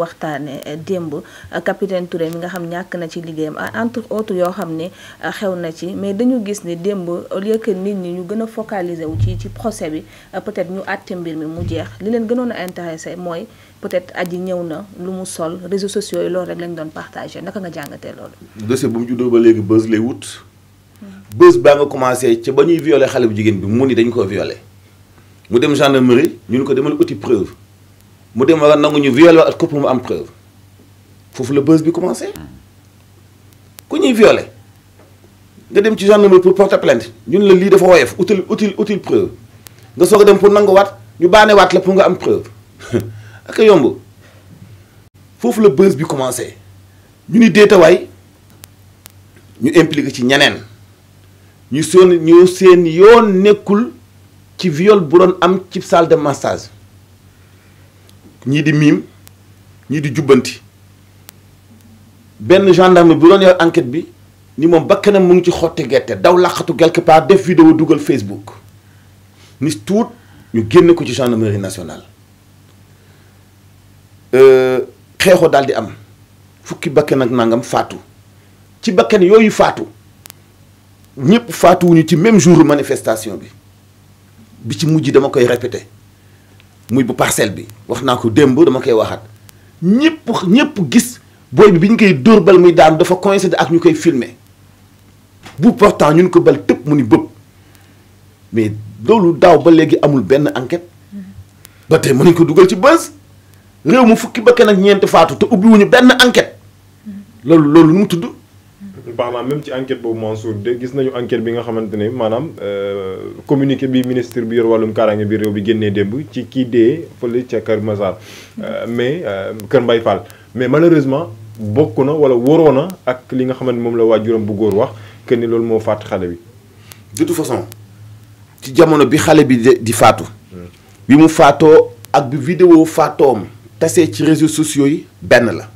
waxtaane eh, démb eh, capitaine Touré mi nga xam ñàkk na ci liggéeyam entre autres yoo xam ne eh, xew na ci mais dañu gis ne démb au lieu que nit ñi ñu gën a focaliser wu ci ci procès bi peut-être ñu àtte mbir mi mu jeex li leen gënoon a intéressé mooy peut-être aji ñëw na lu mu sol réseaux sociaux yi loolu rek lañ doon partagé naka nga jàngatee loolu. dossier bu mu ba léegi buzz lay wut. buzz baa nga commencé ci ba ñuy violé xale bu jigéen bi mu ni dañ ko violé mu dem gendarmerie ñu ko demal uti preuve. mu dem war a nangu ñu violé ak couple mu am preuve foofu la buzz bi commencé ku ñuy violé nga dem ci gendarmerie pour porter plainte ñun la lii dafa woyof utile utile utile preuve nga soog a dem pour waat ñu baanewaat la pour nga am preuve ak yomb foofu la buzz bi commencé ñu ni déetawaay ñu impliqué ci ñeneen ñu seen ñu seen yoon nekkul ci viol bu doon am ci salle de massage ñii di miim ñii di jubbanti benn gendarme bu doon yor enquête bi ni moom bakkanam mu ngi ci xotti gerte daw laqatu quelque part def vidéo dugal Facebook ni tuut ñu génne ko ci gendarmerie nationale euh, xeexo daal di am fukki bakkan ak nangam faatu ci bakkan yooyu faatu ñëpp faatuwuñu ci même jour manifestation bi bi ci mujj dama koy répété muy bu parcelle bi wax naa ko démb dama koy waxaat ñëpp ñëpp gis booy bi bi ñu koy dóor bal muy daanu dafa coïncider ak ñu koy filmer bu pourtant ñun ko bal tëpp mu ni bëpp mais loolu daaw ba léegi amul benn enquête ba tey mënuñ ko dugal ci bës réew mu fukki bakkan ak ñeenti faatu te ubbiwuñu benn enquête loolu loolu nu mu tudd parlant même ci enquête boobu Mansour de gis nañu enquête bi nga xamante ne maanaam euh, communiqué bi ministre bi yor wàllum kaaraange bi réew bi génnee démb ci kii dee fële ca Kër Masar euh, mais euh, Kër Mbay Fall mais malheureusement bokk na wala waroon na ak li nga xamante moom la waajuram bu góor wax que ni loolu moo faat xale bi. de toute façon ci jamono bi xale bi di faatu. bi mu faatoo ak bi vidéo faatoom tasee ci réseaux sociaux yi benn la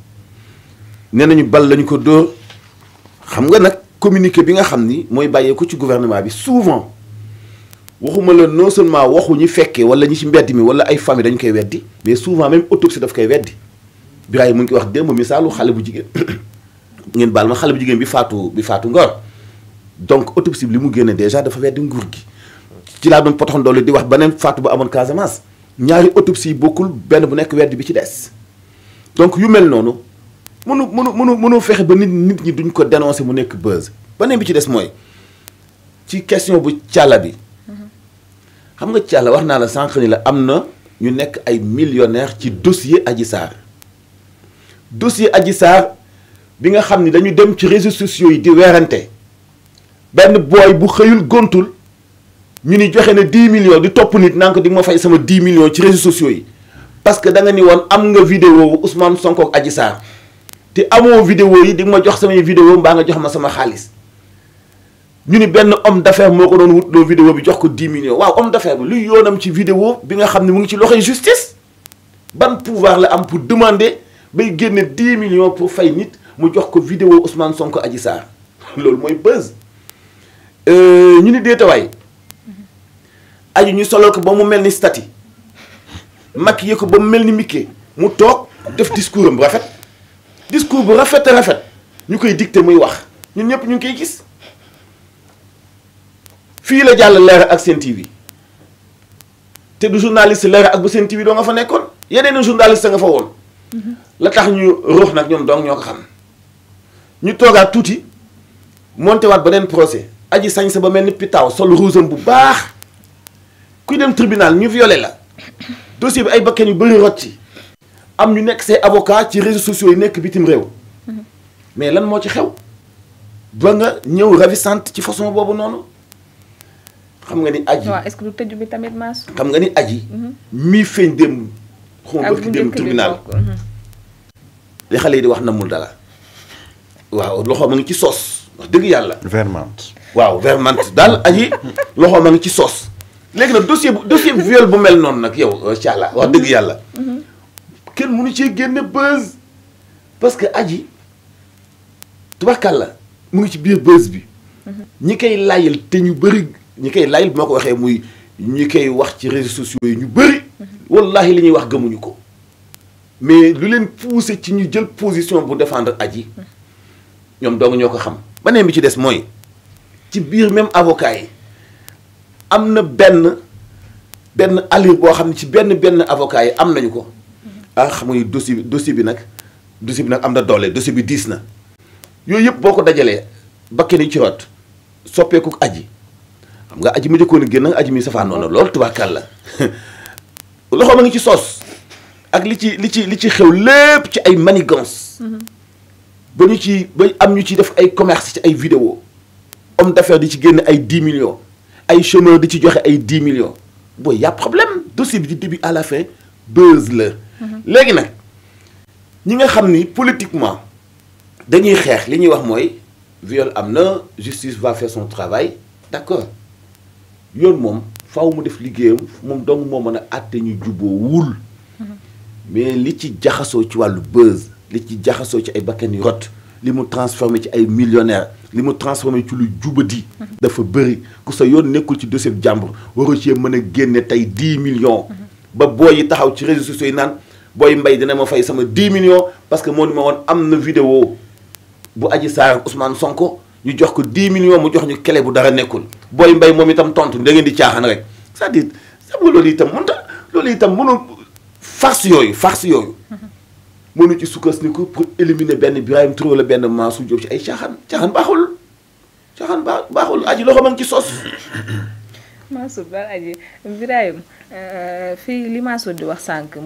nee nañu bal lañu ko dóor. xam nga nag communiqué bi nga xam ni mooy bàyyeeku ci gouvernement bi souvent waxuma la non seulement waxu ñi fekkee wala ñi ci mbedd mi wala ay famille dañu koy weddi mais souvent même autopsie dafa koy weddi Biraye mu ngi koy wax démb misaalu xale bu jigéen ngeen baal xale bu jigéen bi faatu bi faatu Ngor donc autopsie bi li mu génne déjà dafa weddi nguur gi ci laa doon potoxon doole di wax beneen faatu bu amoon Casamance ñaari autopsie bokkul benn bu nekk weddi bi ci des donc yu mel noonu. mënu mënu mënu mënoo fexe ba nit nit ñi duñ ko dénoncé mu nekk buzz beneen bi ci des mooy ci question bu càlla bi mm-hmm. xam nga càlla wax naa la sànq ni la am na ñu nekk ay millionnaire ci dossier Adji Sarr dossier Adji Sarr bi nga xam ni dañu dem ci réseaux sociaux yi di weerante benn booy bu xëyul gontul ñu ni joxe na 10 millions di topp nit naa ko di ma fay sama 10 millions ci réseaux sociaux yi parce que da nga ni woon am nga vidéo Ousmane Sonko ak Adji te amoo vidéo yi di nga ma jox samay vidéo mbaa nga jox ma sama xaalis ñu ni benn om d'affaires moo ko doon wutloo vidéo bi jox ko 10 millions waaw homme d'affaires bi luy yoonam ci vidéo bi nga xam ne mu ngi ci loxoy justice ban pouvoir la am pour demandé bay génne 10 million pour fay nit mu jox ko vidéo Ousmane Sonko aji Sarr loolu mooy buzz euh, ñu ni déetawaay aju ñu solo ko ba mu mel ni statue maquillé ko ba mu mel ni Mickey mu toog def discours am rafet discours bu rafet rafet ñu koy dicté muy wax ñun ñëpp ñu ngi koy gis fii la jàll leer ak seen TV te du journaliste leer ak bu seen TV doo nga fa nekkoon yeneen journaliste nga fa woon. Mhm. la tax ñu ruux nag ñoom donc ñoo ko xam ñu toogaat tuuti monté waat beneen procès aji sañ sa ba mel ni pitaaw sol ruusam bu baax kuy dem tribunal ñu violé la dossier bi ay bakkan yu bëri rot ci am ñu nekk say avocat ci réseaux sociaux yi nekk bitim réew mais lan moo ci xew ba nga ñëw ravissante ci façon boobu noonu xam nga ni aji waaw est-ce que xam nga ni aji mii mhm. feeñ dem xuma bëgg dem tribunal mhm. li xale yi di wax namul dala waaw loxo ma ngi ci soos wax dëgg yàlla vermante waaw vermante daal aji loxo ma ngi ci soos léegi nag dossier bu dossier bu mel noonu nag yow incha euh, allah wax dëgg yàlla mhm. kenn mënu cee génne buzz parce que aji tubaarkàlla mu ngi ci biir buzz bi. ñi koy layal te ñu bëri ñi koy layal bi ma ko waxee muy ñi koy wax ci réseaux sociaux yi ñu bëri. wallahi li ñuy wax gëmuñu ko. mais lu leen poussé ci ñu jël position bu défendre aji ñoom dong ñoo ko xam. beneen bi ci des mooy ci biir même avocat yi am na benn benn allure boo xam ne ci benn benn avocat yi am nañu ko. ah xam nga dossier bi dossier bi nag dossier bi nag am na doole dossier bi diis na. yooyu yëpp boo ko dajalee bakkan yi ci rot soppeeku aji xam nga aji mi njëkkoon a génn aji mi safaanoon na lool tubaakal la loxo ma ngi ci soos ak li ci li ci li ci xew lépp ci ay manigance mm-hmm. ba ñu ci ba am ñu ci def ay commerce ci ay vidéo homme d'affaires di ci génn ay 10 millions ay chômeur di ci joxe ay 10 millions booy y'a problème dosi bi di début à la fin buzz la. léegi nag ñi nga xam ni politiquement dañuy xeex li ñuy wax mooy viol am na justice va faire son travail d'accord yoon moom faaw mu def liggéeyam moom dong moo mën a àtte ñu juboo wul mais li ci jaxasoo ci wàllu buzz li ci jaxasoo ci ay bakkan yu li mu transformé ci ay millionnaire li mu transformé ci lu di dafa bëri ku sa yoon nekkul ci dossier jàmbur warul ci mën a génne tey 10 millions ba booy yi taxaw ci réseaux sociaux yi naan booy mbay dina ma fay sama 10 millions parce que moo ni ma woon am na vidéo bu Adji Sarr ak sonk ñu jox ko 10 millions mu jox ñu kele bu dara nekkul booy mbay moom itam tontu da ngeen di caaxaan rek c'est-à-dire xam nga loolu itam mënta loolu itam mënul farce yooyu farce yooyu mënu ci sukkandiku pour éliminer benn Birahim Touré la benn Mansour Diop ci ay caaxaan caaxaan baaxul caaxaan baax baaxul aji loo ma ci sos Mansour Ba aji Birahim euh, fii li Mansour di wax sànq